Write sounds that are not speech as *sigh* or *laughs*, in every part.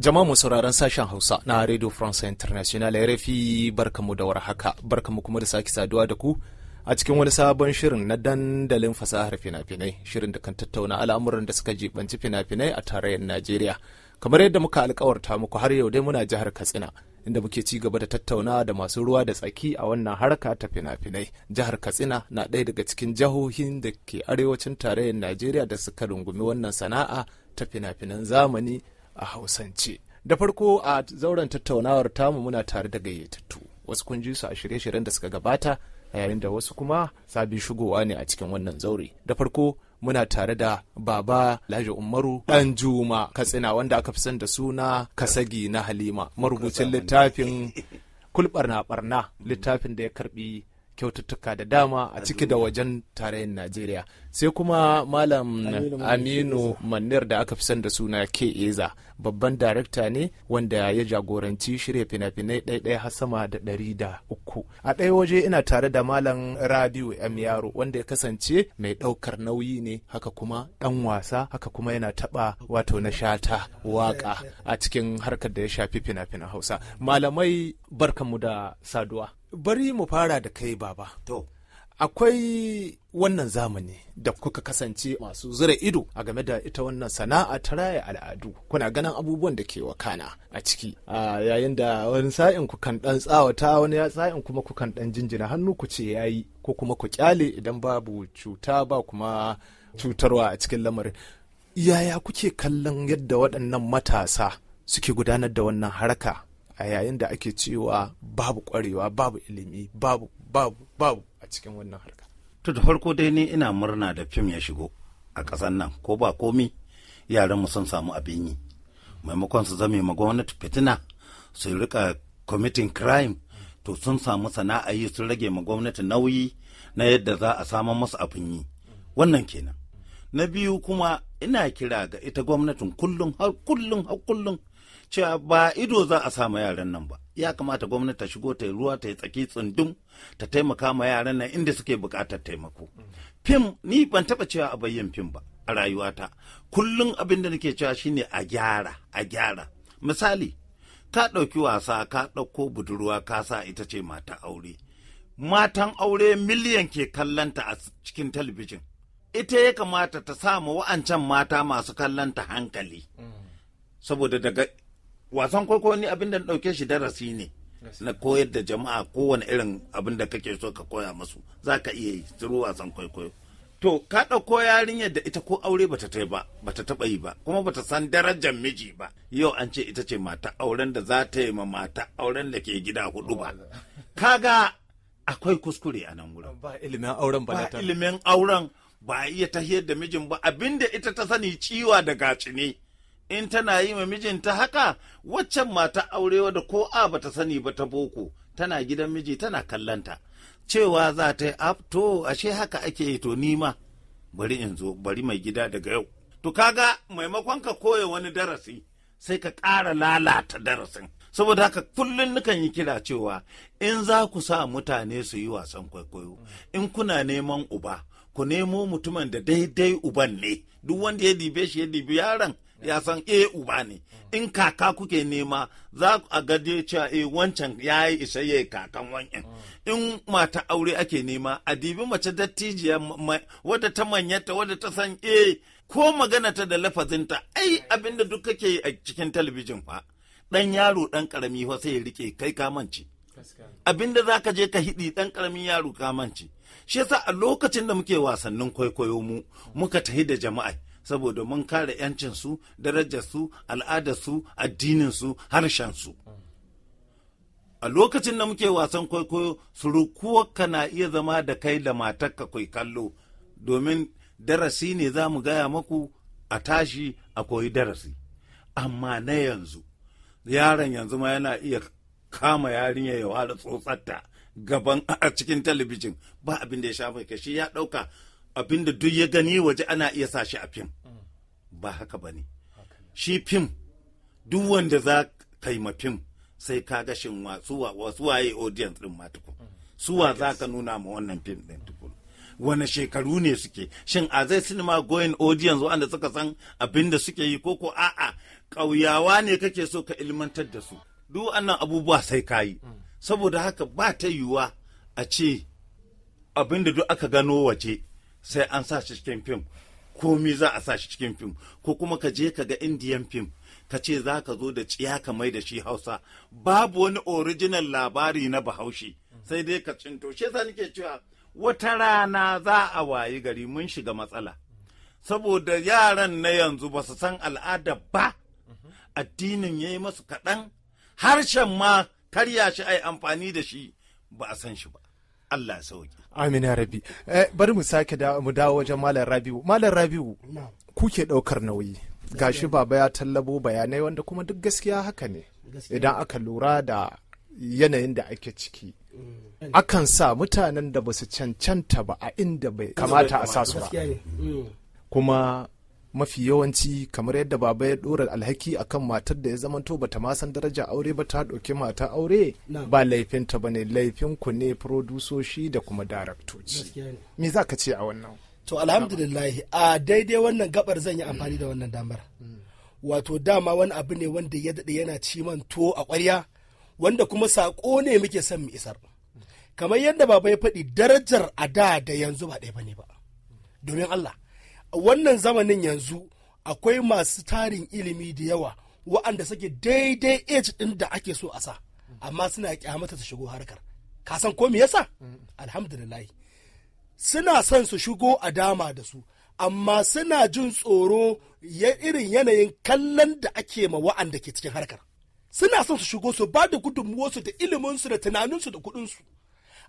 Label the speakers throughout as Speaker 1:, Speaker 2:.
Speaker 1: Jama'a sauraron sashen Hausa na Radio France International RFI barkamu da warhaka barkamu kuma da sake saduwa da ku a cikin wani sabon shirin na dandalin fasahar fina-finai shirin da kan tattauna al'amuran da suka jibanci fina-finai a tarayyar Najeriya. Kamar yadda muka alkawarta muku har yau dai muna jihar Katsina inda muke ci gaba da tattauna da masu ruwa da tsaki a wannan harka ta fina-finai. Jihar Katsina na ɗaya daga cikin jihohin da ke arewacin tarayyar Najeriya da suka rungumi wannan sana'a ta fina-finan zamani a hausance da farko a zauren tattaunawar tamu muna tare da gayyatattu wasu kun ji su a shirye-shiryen da suka gabata a yayin da wasu kuma sabin shigowa ne a cikin wannan zaure da farko muna tare da baba Laji umaru ɗan juma katsina wanda aka fi san da suna kasagi na halima marubucin littafin kulɓarnaɓarna barna littafin da ya karɓi. kyaututtuka da dama a ciki da wajen tarayyar najeriya sai kuma malam aminu manir da aka fi son da suna ke eza babban darekta ne wanda ya jagoranci shirya fina-finai ɗaiɗaya har sama da ɗari da uku a ɗaya waje ina tare da malam rabiu m yaro wanda ya kasance mai ɗaukar nauyi ne haka kuma ɗan wasa haka kuma yana taɓa wato na shata waƙa a cikin harkar da ya shafi fina-finan hausa malamai barkanmu da saduwa bari mu fara da kai baba to akwai wannan zamani da kuka kasance masu zura ido a game da ita wannan sana'a ta raya al'adu kuna ganin abubuwan da ke wakana a ciki a yayin da wani sa'in ku kan dan tsawata wani sa'in kuma ku kan dan jinjina hannu ku ce yayi ko kuma ku kyale idan babu cuta ba kuma cutarwa a cikin lamarin yaya kuke kallon yadda waɗannan matasa suke gudanar da wannan haraka a yayin da ake cewa babu kwarewa babu ilimi
Speaker 2: babu babu babu a cikin wannan harka to da farko dai ni ina murna da fim ya shigo a ƙasar nan ko ba komi yaran mu sun samu abin yi maimakon su zame ma gwamnati fitina su rika committing crime to sun samu sana'a yi sun rage ma gwamnati nauyi na yadda za a samu masu abin yi wannan kenan na biyu kuma ina kira ga ita gwamnatin kullum har kullum har kullum cewa ba ido za a samu yaran nan ba ya kamata gwamnati ta shigo ta yi ruwa ta yi tsaki tsundum ta taimaka ma yaran nan inda suke bukatar taimako fim ni ban taɓa cewa a bayyan fim ba a rayuwata kullum abin da nake cewa shine a gyara a gyara misali ka ɗauki wasa ka ɗauko budurwa ka sa ita ce mata aure matan aure miliyan ke kallanta a cikin talabijin ita ya kamata ta samu wa'ancan mata masu kallanta hankali mm. saboda daga wasan kwaikwayo ni abin da dauke shi darasi ne na koyar da jama'a kowane irin abin da kake so ka koya masu za ka iya yi turu wasan kwaikwayo to ka ɗauko yarinyar da ita ko aure bata ta ba bata taɓa yi ba kuma bata san darajar miji ba yau an ce ita ce mata auren da za ta yi ma mata auren da ke gida hudu ba kaga akwai kuskure a nan wurin ba ilimin auren ba ilimin auren ba iya tahiyar da mijin ba abinda ita ta sani ciwa da gaci ne in tana yi wa mijinta haka waccan mata aurewa da ko a bata sani ba ta boko tana gidan miji tana kallanta cewa za ta yi to ashe haka ake yi to nima bari in zo bari mai gida daga yau to kaga maimakon ka koya wani darasi sai ka ƙara lalata darasin saboda haka kullum nukan yi kira cewa in za ku sa mutane su yi wasan kwaikwayo in kuna neman uba ku nemo mutumin da daidai uban ne duk wanda ya dibe shi ya dibi yaron ya san e uba ne in kaka kuke nema za a gade cewa e wancan ya yi isa ya kakan wanyan in mata aure ake nema a dibi mace dattijiya wadda ta manyata wadda ta san e ko magana ta da lafazinta ai abinda duk kake a cikin talabijin fa dan yaro dan karami fa sai ya rike kai kamanci abinda za ka je ka hidi dan karamin yaro kamanci shi yasa a lokacin da muke wasannin kwaikwayo mu muka tahi da jama'a saboda mun kare 'yancinsu darajarsu al'adarsu addininsu harshensu a lokacin da muke wasan kwaikwayo surukuwarka na iya zama da kai da matarka kai kallo domin darasi ne za mu gaya maku a tashi a koyi darasi amma na yanzu yaron yanzu ma yana iya kama yarinya ya ware tsotsatta gaban *laughs* a cikin talabijin ba abin da ya sha mai kashi ya ɗauka abin da duk ya gani waje ana iya sa shi a fim ba haka ba ne shi fim duk wanda za ka yi ma fim sai ka ga shin wasu waye audience din ma tukun mm. suwa za ka nuna ma wannan fim din tukun wane shekaru ne suke shin a zai cinema going audience wanda suka san abin da suke yi ko ko a'a ƙauyawa ne kake so ka ilmantar da su duk wannan abubuwa sai ka yi mm. saboda haka ba ta yiwuwa a ce abin da duk aka gano waje sai an sa shi cikin fim komi za a sa shi cikin fim ko kuma ka je ka ga indian fim ka ce za ka zo da tsiya ka mai da shi hausa babu wani original labari na bahaushe sai dai ka cinto shi yasa nake cewa wata rana za a wayi gari mun shiga matsala saboda yaran na yanzu ba su san al'ada ba addinin ya yi masu kaɗan harshen ma karya shi ai amfani da shi ba a san shi ba Allah sauki.
Speaker 1: Amin ya rabi. Eh, bari mu sake mu dawo wajen Malam Rabiu. Malam Rabiu kuke ɗaukar nauyi. Gashi baba ya tallabo bayanai wanda kuma duk gaskiya haka ne. Idan aka lura da yanayin da ake ciki.
Speaker 2: Mm. Akan
Speaker 1: sa mutanen da ba su cancanta ba a inda bai kamata a sa su ba. Mm. Kuma mafi yawanci kamar yadda baba ya dora alhaki akan matar da ya zamanto bata ma san daraja aure ba ta dauki mata aure ba laifinta ba ne laifin ku ne furodusoshi da kuma daraktoci me za ka ce a wannan to
Speaker 3: alhamdulillah a daidai wannan gabar zan yi amfani da wannan damar wato dama wani abu ne wanda ya daɗe yana ci man to a ƙwarya wanda kuma sako ne muke son mu isar kamar yadda baba ya faɗi darajar a da da yanzu ba ɗaya ba ne ba domin Allah wannan zamanin yanzu akwai masu tarin ilimi da yawa wa'anda suke daidai age ɗin da ake so a sa amma suna kyamata su shigo harkar ka san ko me yasa alhamdulillah suna son su shigo a dama da su amma suna jin tsoro ya irin yanayin kallon da ake ma wa'anda ke cikin harkar suna son su shigo su ba da gudunmuwarsu da iliminsu da tunaninsu da kuɗinsu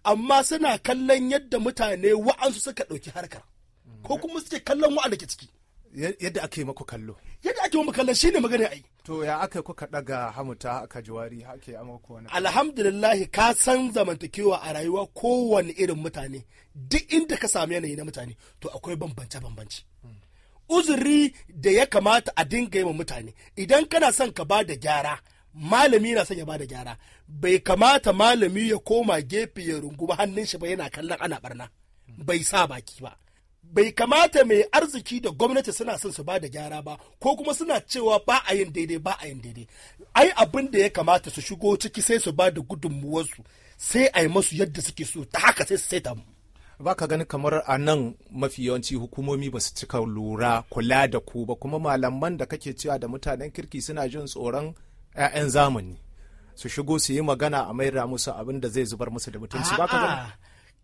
Speaker 3: amma suna kallon yadda mutane wa'ansu suka ɗauki harkar ko kuma suke kallon wa'anda ke ciki yadda ake maku kallo yadda ake maku kallo shine magana ai to ya aka kuka daga hamuta aka jiwari ake amaku wani alhamdulillah ka san zamantakewa a rayuwa kowane irin mutane duk inda ka sami yanayi na mutane to akwai bambance bambance hmm. uzuri da ya kamata a dinga yi wa mutane idan kana son ka ba da gyara malami na son ya ba da gyara bai kamata malami ya koma gefe ya runguma hannun shi ba yana kallon ana barna hmm. bai sa baki ba bai kamata mai arziki da gwamnati suna son su ba da gyara ba ko kuma suna cewa ba a yin daidai ba a yin daidai ai abin da ya kamata su shigo ciki sai su ba da gudunmuwarsu sai a yi masu yadda suke so ta haka sai su saita ba ka gani kamar a nan
Speaker 1: mafi yawanci hukumomi ba su cika lura kula da ku ba kuma malaman da kake cewa da mutanen kirki suna jin tsoron
Speaker 3: 'ya'yan zamani su shigo su yi magana a maira musu abin da zai zubar musu da mutunci ba ka gani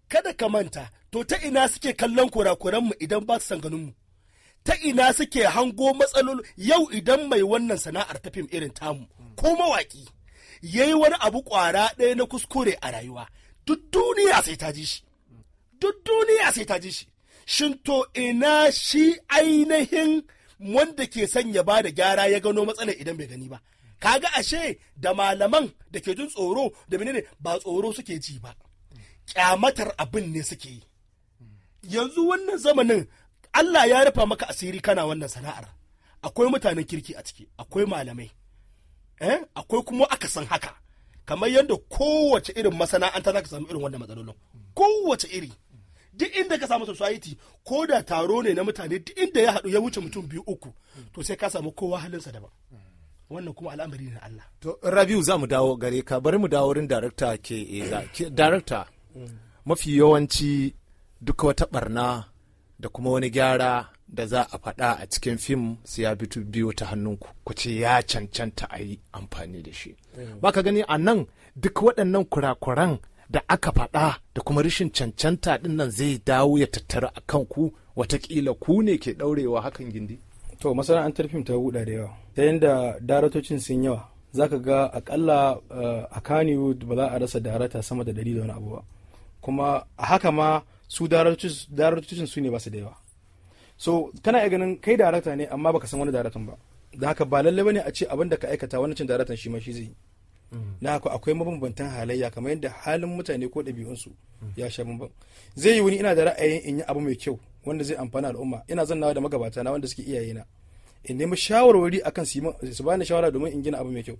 Speaker 3: kada ka manta to ta ina suke kallon mu idan ba su san ganinmu ta ina suke hango matsalolin yau idan mai wannan sana'ar ta fim irin tamu ko mawaki ya yi wani abu kwara ɗaya na kuskure a rayuwa duk duniya sai ta ji shi duk duniya sai ta ji shi shin to ina shi ainihin wanda ke sanya ba da gyara ya gano matsalar idan bai gani ba kaga ashe da malaman da ke jin tsoro da menene ba tsoro suke ji ba kyamatar abin ne suke yi yanzu wannan zamanin Allah ya rufa maka asiri kana wannan sana'ar akwai mutanen kirki a ciki akwai malamai eh akwai kuma aka san haka kamar yadda kowace irin masana'anta za ka samu irin wannan matsalolin kowace iri duk inda ka samu society ko da taro ne na mutane duk inda ya haɗu ya wuce mutum biyu uku to sai ka samu kowa halinsa daban wannan kuma al'amari ne Allah to Rabiu
Speaker 1: za mu dawo gare ka bari mu dawo wurin darakta ke darakta mafi yawanci duka wata barna da kuma wani gyara da za a faɗa a cikin fim sai ya bitu biyu ta hannun ku ce ya cancanta a yi amfani da shi mm. ba ka gani a nan duk waɗannan kurakuran da aka faɗa da kuma rashin cancanta ɗin nan zai dawo ya tattara a kan ku watakila ku ne ke
Speaker 3: ɗaurewa hakan gindi to masana'antar fim ta buɗa da yawa ta yadda daratocin sun yawa zaka ga akalla eh, a kaniwood ba za a rasa darata sama da ɗari da wani abu ba kuma a haka ma su daraktocin su ne ba su da yawa so kana iya ganin kai darata ne amma baka san wani daratan ba da haka ba lalle ne a ce abin da ka aikata wani cin daratan shi ma shi zai mm. na haka akwai mabambantan halayya kamar yadda halin mutane ko ɗabi'unsu ya sha bambam. zai yi wani ina da ra'ayin in yi abu mai kyau wanda zai amfana al'umma ina zannawa da magabata na wanda suke na in nemi shawarwari akan su bani shawara domin in gina abu mai kyau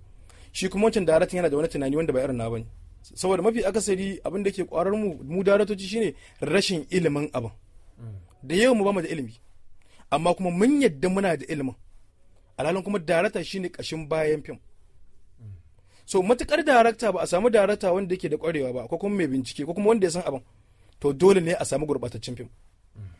Speaker 3: shi kuma wancan daratan yana da wani tunani wanda ba irin na bane saboda mafi akasari abin da ke kwarar mu mu daratoci shine rashin ilimin abin da yau mu ba mu da ilimi amma kuma mun yadda muna da ilimin alhalin kuma darata shine kashin bayan fim so matukar darakta ba a samu darakta wanda yake da kwarewa ba ko kuma mai bincike ko kuma wanda ya san abin to dole ne a samu gurbataccen fim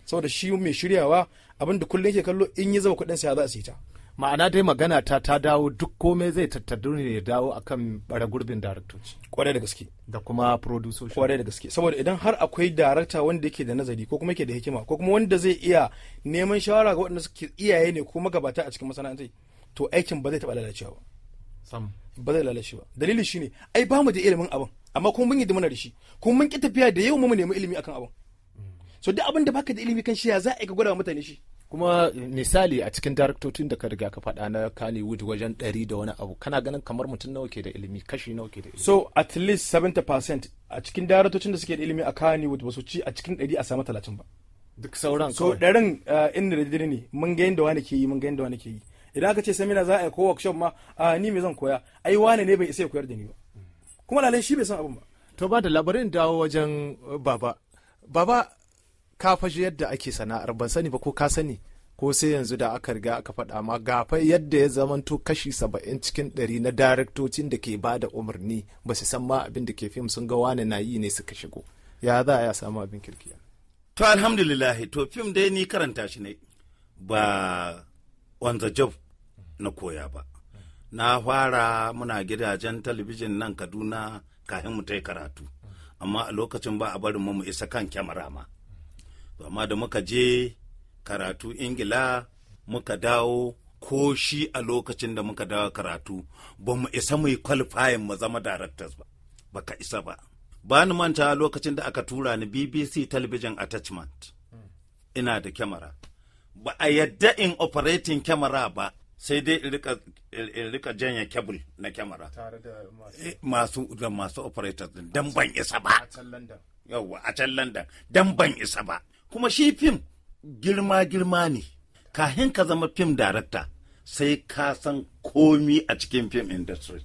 Speaker 3: saboda shi mai shiryawa abin da kullum yake kallo in ya zaba kuɗin sa za a sita
Speaker 1: ma'ana dai magana ta ta dawo duk komai zai tattaru
Speaker 3: ne ya dawo akan bara gurbin daraktoci kwarai da gaske da kuma producer kwarai da gaske saboda idan har akwai darakta wanda yake da nazari ko kuma yake da hikima ko kuma wanda zai iya neman shawara ga waɗanda suke iyaye ne ko magabata a cikin masana'antai to aikin ba zai taɓa lalacewa ba sam ba zai lalace ba dalili shine ai ba mu da ilimin abin amma kuma mun yi dimana da shi kuma mun ki tafiya da yau mu nemi ilimi akan abin mm. so duk abin da baka da ilimi kan shi ya za a yi ka gwada mutane shi
Speaker 1: kuma misali a cikin daraktocin da ka riga ka faɗa na Kannywood wajen ɗari da wani abu kana ganin kamar mutum nawa ke da ilimi kashi nawa ke da
Speaker 3: ilimi so at least 70% a cikin daraktocin da suke da ilimi a Kannywood ba su ci a cikin ɗari a samu talatin ba duk sauran so ɗarin eh, in da dare ne mun ga yadda wani ke yi mun ga yadda wani ke yi idan aka ce samina za a yi ko workshop ma ah, ni me zan koya ai wane ne bai isa ya koyar da ni ba kuma lalai shi bai san abin ba
Speaker 1: to ba da labarin dawo wajen eh, baba baba ka fashi yadda ake sana'ar ban sani ba ko ka sani ko sai yanzu da aka riga aka faɗa ma gafa yadda ya zamanto kashi saba'in cikin ɗari na daraktocin da ke ba da umarni ba su san ma abin da ke fim sun ga wane na yi ne suka shigo ya za a ya samu abin kirkiya.
Speaker 2: to alhamdulillah to fim dai ni karanta shi ne ba on the job na koya ba na fara muna gidajen talabijin nan kaduna kafin mu ta karatu amma a lokacin ba a barin mu isa kan kyamara ma amma da muka je karatu ingila muka dawo ko shi a lokacin da muka dawo karatu ba mu isa mu yi kwalifayin mu zama directors ba baka isa ba ba ni manta lokacin da aka tura ni bbc television attachment ina da kyamara ba a yadda in operating kyamara ba sai dai in rika janya kebul na kyamara eh, masu da masu operators din dan ban isa ba yawwa a can landan dan ban isa ba kuma shi fim girma-girma ne kahin ka zama fim darakta sai ka san komi a cikin fim industry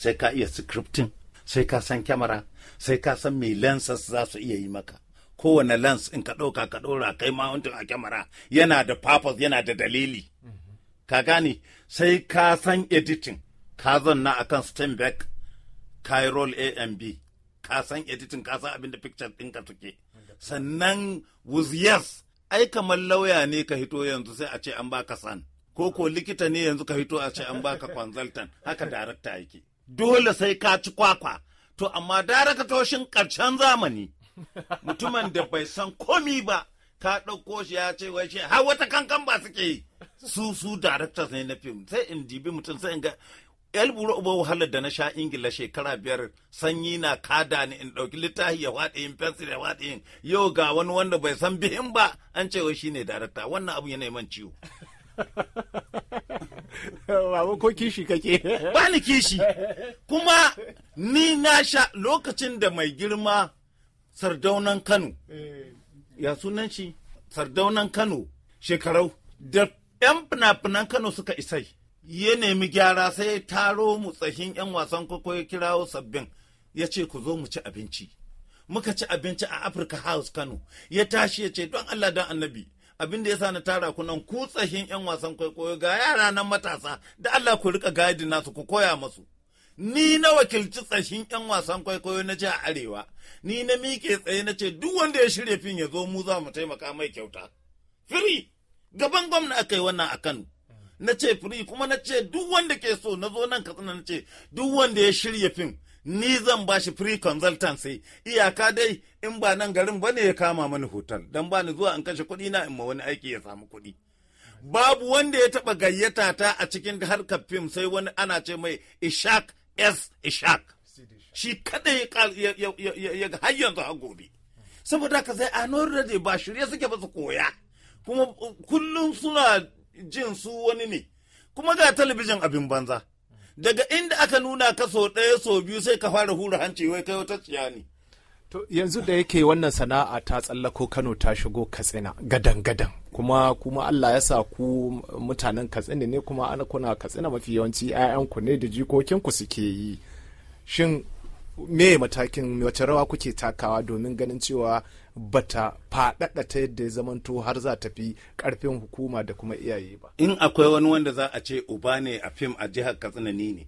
Speaker 2: sai ka iya scripting sai ka san kyamara sai ka san mai lenses za su iya yi maka kowane lens in ka ɗauka ka ɗora kai mountain a kyamara yana da purpose yana da dalili ka gane sai ka san editing ka zanna kan steinbeck kairol amb ka san editing ka san abin da pictures ɗinka suke sannan wuziyas ai kamar lauya ne ka hito yanzu sai a ce an baka san ko ko likita ne yanzu ka hito a ce an baka consultant haka darakta yake dole sai ka ci kwakwa to amma darakatoshin ƙarshen zamani mutumin da bai san komi ba ka ɗauko shi ya ce wai shi har wata kankan ba suke yi su su directors ne na fim sai in dibi mutum sai in ga el buru uba wahalar da na sha ingila shekara biyar sanyi na kada ni in ɗauki littafi ya waɗe yin fensir ya waɗe yin yau ga wani wanda bai san bihin ba an ce wai shine darakta wannan abu yana man ciwo Wawo *laughs* ko kishi kake. *laughs* Ba ni kishi. Kuma ni na sha lokacin da mai girma sardaunan Kano. Eh. Ya sunan shi sardaunan Kano shekarau da 'yan fina-finan Kano suka isai. ya nemi gyara sai ya taro mu tsahin 'yan wasan kwaikwayo ya kirawo sabbin ya ce ku zo mu ci abinci muka ci abinci a Afirka House Kano ya tashi ya ce don Allah don annabi abin da ya sa na tara ku nan ku tsahin 'yan wasan kwaikwayo ga yara nan matasa da Allah ku rika gadi nasu ku koya masu ni na wakilci tsahin 'yan wasan kwaikwayo na jiha arewa ni na miƙe tsaye na ce duk wanda ya shirya fin ya zo mu za mu taimaka mai kyauta firi gaban gwamna aka yi wannan a kano na ce free kuma na ce duk wanda ke so na zo nan katsina na ce duk wanda ya shirya fim ni zan ba shi free consultancy iyaka dai in ba nan garin ba ne ya kama mani hotel don ba ni zuwa in kashe kuɗi na in ma wani aiki ya samu kuɗi babu wanda ya taɓa gayyata ta a cikin harkar fim sai wani ana ce mai ishak s ishak shi kadai ya har yanzu har gobe saboda ka sai a da ba shirye suke ba su koya kuma kullum suna jin su wani ne kuma ga talabijin abin banza daga inda aka nuna ka sau ɗaya sau biyu sai ka fara hura hanci wai kai wata ciya ne To yanzu da
Speaker 1: yake wannan sana'a ta tsallako Kano ta shigo Katsina gadan-gadan kuma kuma Allah ya sa ku mutanen Katsina ne kuma ana kuna Katsina mafi yawanci 'ya'yanku ne da jikokinku suke yi. Shin me matakin wace rawa kuke takawa domin ganin cewa bata faɗaɗa ta yadda ya zamanto har za ta fi ƙarfin hukuma da kuma iyaye
Speaker 2: ba. In akwai wani wanda za a ce uba ne a fim a jihar Katsina ni ne.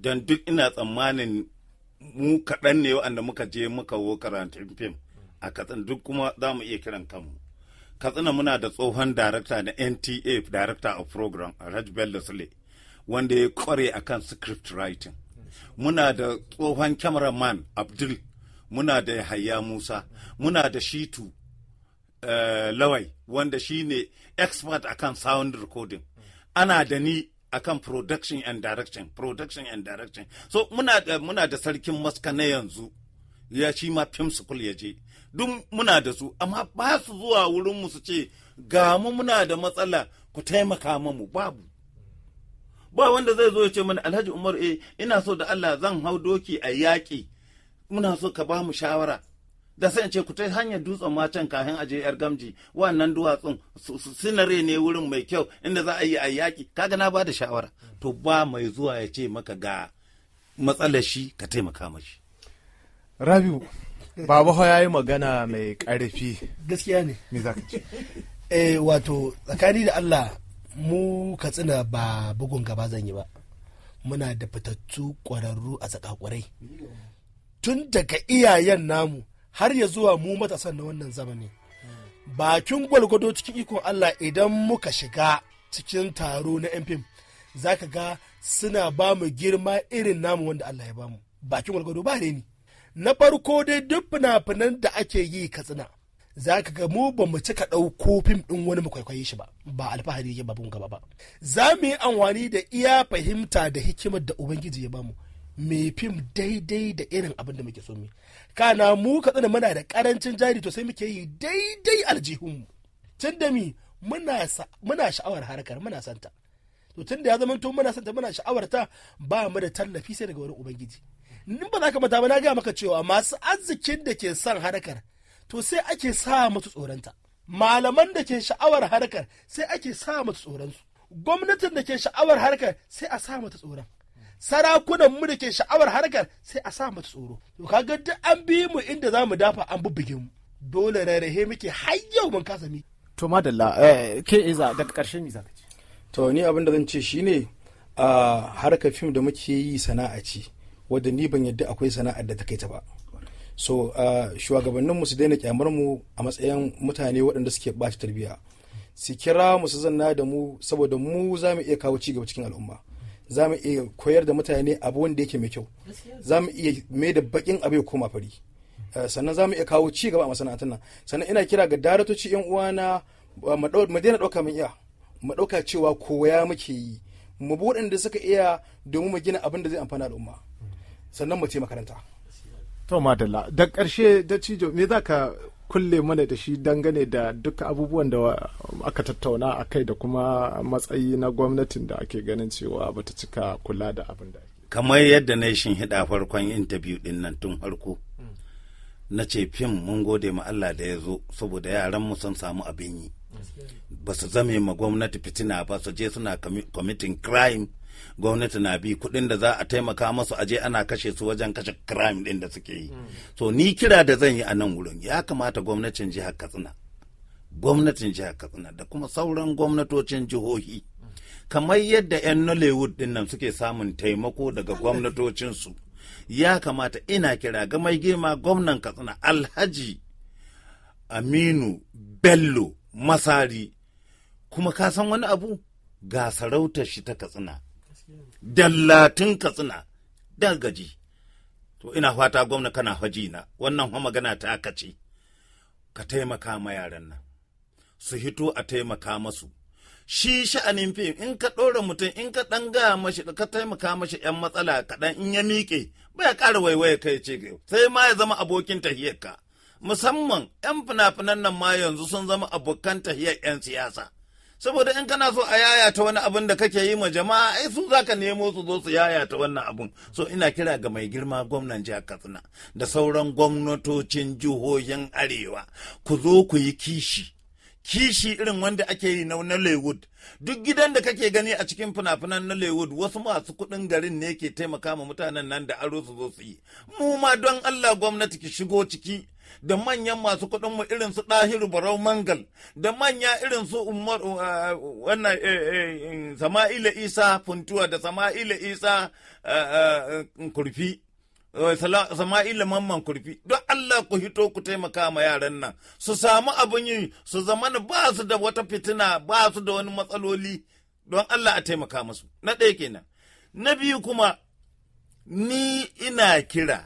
Speaker 2: Don duk ina tsammanin mu kaɗan ne wa'anda muka je muka wo karantun fim a Katsina duk kuma za mu iya kiran kanmu. Katsina muna da tsohon darakta na NTA, Director of Program, Raj Bello Sule, wanda ya kware akan script writing. muna da tsohon cameraman abdul muna da yahaya musa muna da shitu eh, lawai wanda shi ne expert akan sound recording ana da ni akan production and direction production and direction so muna da sarkin maska na yanzu ya shi ma film school ya je duk muna da su amma ba su zuwa wurin mu su ce ga muna da matsala ku taimaka mamu babu ba wanda zai zo ya ce mana alhaji umaru eh ina so da allah zan hau doki a yaƙi muna so ka ba mu shawara da sai ce ku ta hanyar dutsen matan kafin aje yar gamji wannan duwatsun sinare ne wurin mai kyau inda za a yi a yaƙi kaga na ba da shawara to ba mai zuwa ya ce maka ga matsalar shi ka taimaka mashi rabiu baba ya yi magana mai ƙarfi gaskiya ne me za ka ce eh wato
Speaker 3: tsakani da allah mu katsina ba bugun gaba zan yi ba muna da fitattu ƙwararru a tsakakwarai tun daga iyayen namu har ya zuwa mu matasan na wannan zamani bakin gwalgwado cikin ikon allah idan muka shiga cikin taro na yan fim za ka ga suna ba mu girma irin namu wanda allah ya ba mu bakin gwalgwado ba ne. na farko dai duk fina-finan da ake yi katsina za ka ga mu ba mu cika ɗauko fim ɗin wani mu kwaikwaye shi ba ba alfahari ya babun gaba ba za mu yi amfani da iya fahimta da hikimar da ubangiji ya bamu mai fim daidai da irin abin da muke so mu kana mu ka tsana muna da karancin jari to sai muke yi daidai aljihunmu tun da mi muna sha'awar harkar muna santa to tun da ya zama to muna santa muna sha'awar ta ba mu da tallafi sai daga wurin ubangiji in ba za ka mata ba na gaya maka cewa masu arzikin da ke son harkar to sai ake sa mutu tsoronta malaman da ke sha'awar harkar sai ake sa mutu tsoronsu gwamnatin da ke sha'awar harkar sai a sa mutu tsoron sarakunan mu da ke sha'awar harkar sai a sa mutu tsoro to kaga duk an bi mu inda za mu dafa an bubbuge mu dole rarrahe muke har yau mun kasa mi to madalla eh, ke iza daga karshen ni zaka ce to ni abin da zan ce shine a ah, harkar fim da muke yi sana'a ce wadda ni ban yadda akwai sana'ar da ta kai ta ba so uh, shugabanninmu su daina kyamar mu a matsayin mutane waɗanda suke ɓaci tarbiyya su kira musu su zanna da mu saboda mu za mu iya kawo cigaba cikin al'umma za mu iya koyar da mutane abu wanda yake mai kyau za mu iya mai da baƙin abu ya koma fari uh, sannan za mu iya kawo cigaba a masana'antar nan sannan ina kira ga daratoci yan uwana uh, mu daina ɗauka min iya mu ɗauka cewa koya muke yi mu bi waɗanda suka iya domin mu gina abin da zai amfana al'umma sannan mu ce makaranta
Speaker 1: to madalla da ƙarshe da cijo me za ka kulle mana da shi dangane da duka abubuwan da aka tattauna a kai da kuma matsayi na gwamnatin da ake ganin cewa bata cika kula da abin da
Speaker 2: kamar yadda na shin hida farkon intabiyu din nan tun farko mm. na ce fim mun gode ma Allah da ya zo saboda yaran mu sun samu abin yi ba su zame ma gwamnati fitina ba su je suna kwamitin crime gwamnati na bi kuɗin da za a taimaka masu aje ana kashe su wajen kashe crime ɗin da suke yi mm. so ni kira da zan yi a nan wurin ya kamata gwamnatin jihar katsina gwamnatin jihar katsina da kuma sauran gwamnatocin jihohi kamar yadda 'yan nollywood din nan suke samun taimako daga gwamnatocin su ya kamata ina kira ga mai girma gwamnan katsina alhaji aminu bello masari kuma ka san wani abu ga sarautar shi ta katsina dallatin katsina da gaji to ina fata gwamna kana haji na wannan fa magana ta kace ka taimaka ma yaran nan su hito a taimaka masu shi sha'anin fim in ka ɗora mutum in ka ɗan ga mashi ka taimaka mashi yan matsala kaɗan in ya miƙe baya ƙara waiwaye kai ce sai ma ya zama abokin ka musamman yan fina-finan nan ma yanzu sun zama abokan tahiyar yan siyasa saboda in kana so a yayata wani abin da kake yi ma jama'a ai su zaka nemo su zo su yayata wannan abun so ina kira ga mai girma gwamnan jihar katsina da sauran gwamnatocin jihohin arewa ku zo ku yi kishi kishi irin wanda ake yi na Nollywood. Duk gidan da kake gani a cikin fina-finan Nollywood wasu masu kuɗin garin ne ke taimaka ma mutanen nan da aro su zo su yi. Mu ma don Allah gwamnati ki shigo ciki da manyan masu kuɗin mu irin su ɗahiru barau mangal da manya irin su umar uh, wannan eh, eh, sama'ila isa funtuwa da sama'ila isa uh, uh, kurfi sama'ila mamman kurfi don Allah ku hito ku taimaka ma yaran nan su samu abin yi su zama ba su da wata fitina ba su da wani matsaloli don Allah a taimaka musu na ɗaya kenan na biyu kuma ni ina kira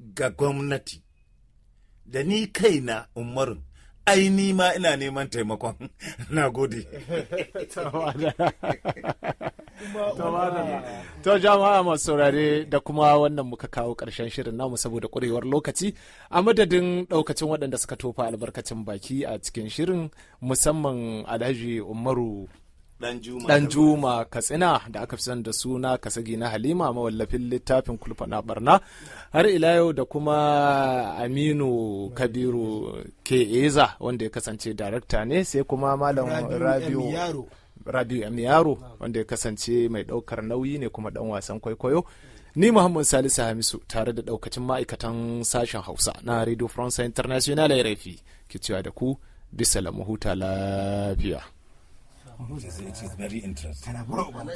Speaker 2: ga gwamnati da ni na umarun ai ni ma ina neman taimakon *laughs* na gode *laughs* *laughs* to
Speaker 1: jama'a masu saurare da kuma wannan muka kawo karshen shirin namu saboda kurewar lokaci a madadin daukacin waɗanda suka tofa albarkacin baki a cikin shirin musamman alhaji umaru dan juma katsina da aka fi san da suna kasagi na halima mawallafin littafin na barna har ila yau da kuma aminu kabiru ke eza wanda ya kasance darakta ne sai kuma malam rabiu rabiu yaro wanda ya kasance mai daukar nauyi ne kuma dan wasan kwaikwayo ni muhammad salisu hamisu tare da daukacin ma'aikatan sashen hausa na radio france international rfi ke cewa da ku bisa lamu huta lafiya
Speaker 2: It is very interesting.